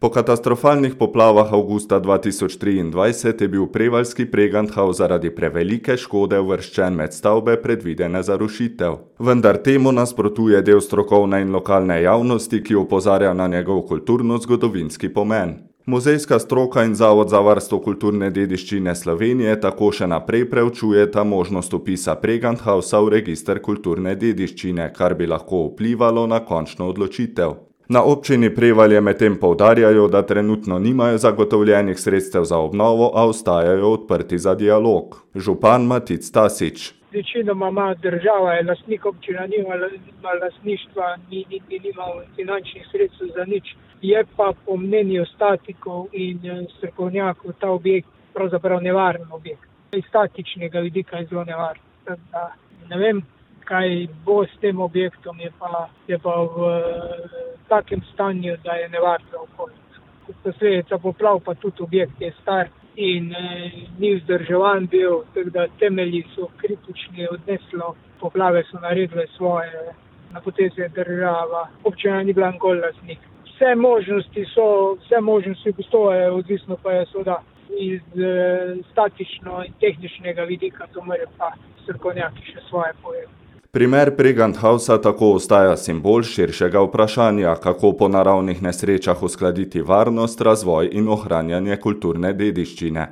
Po katastrofalnih poplavah avgusta 2023 je bil prevalski Preganthaus zaradi prevelike škode uvrščen med stavbe predvidene za rušitev. Vendar temu nasprotuje del strokovne in lokalne javnosti, ki opozarja na njegov kulturno-zgodovinski pomen. Muzejska stroka in Zavod za varstvo kulturne dediščine Slovenije tako še naprej preučuje ta možnost upisa Preganthausa v registr kulturne dediščine, kar bi lahko vplivalo na končno odločitev. Na občini Prevalje medtem povdarjajo, da trenutno nimajo zagotovljenih sredstev za obnovo, a ostajajo odprti za dialog. Župan Matic Tasič. Večinoma ima država, je lastnik občina, nima, nima lastništva, ni niti ni, nima finančnih sredstev za nič. Je pa po mnenju statikov in eh, strokovnjakov ta objekt pravzaprav nevaren objekt. Iz statičnega vidika je zelo nevaren. Ne vem, kaj bo s tem objektom, je pa, je pa v takem stanju, da je nevarno okolje. Posledica poplav pa tudi objekt je star in eh, ni vzdrževan bil, tako da temelji so kritični, odneslo poplave so naredile svoje, na poteze država, občina ni bila nikoli lasnik. Vse možnosti so, vse možnosti postoje, odvisno pa je seveda iz eh, statično in tehničnega vidika, to more pa strkonjaki še svoje pojeti. Primer Preganthausa tako ostaja simbol širšega vprašanja, kako po naravnih nesrečah uskladiti varnost, razvoj in ohranjanje kulturne dediščine.